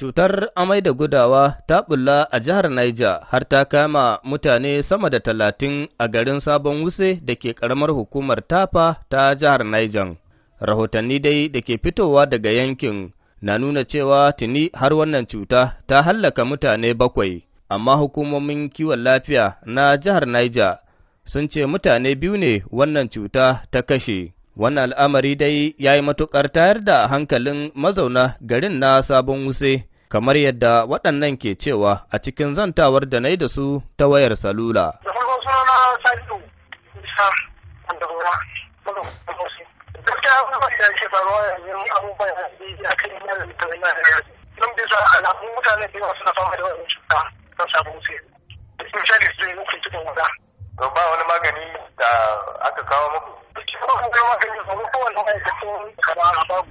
Cutar amai da gudawa ta bulla a jihar Niger har ta kama mutane sama da talatin a garin Sabon Wuse da ke ƙaramar hukumar Tafa ta jihar Niger. Rahotanni dai da ke fitowa daga yankin na nuna cewa tuni har wannan cuta ta hallaka mutane bakwai, amma hukumomin kiwon lafiya na jihar Niger sun ce mutane biyu ne wannan cuta ta kashe. Wannan al'amari dai ya yi matuƙar tayar da hankalin mazauna garin na Sabon Wuse. kamar yadda waɗannan ke cewa a cikin zantawar da na yi da su ta wayar salula. Da da ba wani magani da aka kawo muku. Ba wani magani da kowane ma'aikacin kama a babu.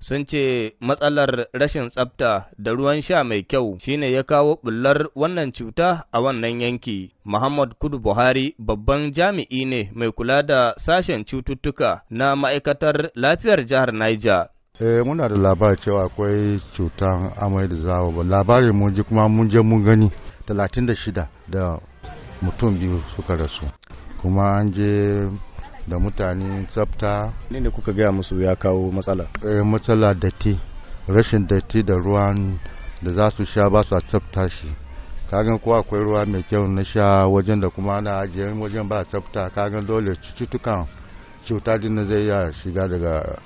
sun ce matsalar rashin tsafta da ruwan sha mai kyau shine ya kawo bullar wannan cuta a wannan yanki. Muhammad Kudu Buhari babban jami'i ne mai kula da sashen cututtuka na ma'aikatar lafiyar jihar Niger. Eh, muna da labari cewa akwai cutar amai da zawo ba labarin mun ji kuma mun je mun gani 36 da mutum biyu suka rasu kuma an je da mutane tsafta ne da kuka gaya musu ya kawo matsala eh matsala datti rashin datti da ruwan da za su sha ba su tsafta shi kagan kuwa akwai ruwa mai kyau na sha wajen da kuma ana ajiye wajen ba tsafta kagan dole cututtukan cuta din zai shiga daga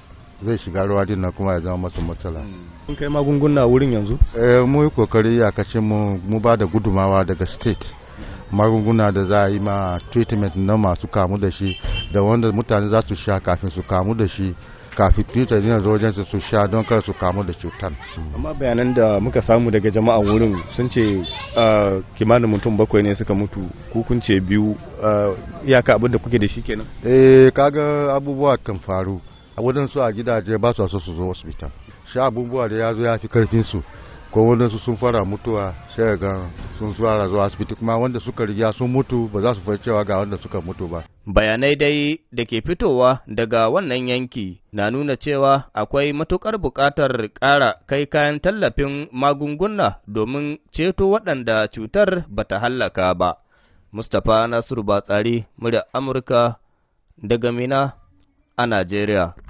zai shiga ruwa din kuma ya zama masa matsala hmm. kun kai magunguna wurin yanzu eh mu yi kokari ya mu mu ba da gudumawa daga state magunguna da za a yi ma treatment na masu kamu da shi da wanda mutane za su sha kafin su kamu da shi kafin tutar dina zojen su sha don kar su kamu da cutar. amma bayanan da muka samu daga jama'a wurin sun ce kimanin mutum bakwai ne suka mutu kun ce biyu iyaka abin da kuke da shi kenan. eh kaga abubuwa kan faru a wadansu a gidaje ba su so su zo hospital sha abubuwa da ya zo ya fi karfin su ko wadansu sun fara mutuwa sai ga sun fara zuwa asibiti kuma wanda suka riga sun mutu ba za su fahimci cewa ga wanda suka mutu ba bayanai dai da ke fitowa daga wannan yanki na nuna cewa akwai matuƙar buƙatar ƙara kai kayan tallafin magunguna domin ceto waɗanda cutar ba ta hallaka ba mustapha nasiru batsari murya amurka daga mina a najeriya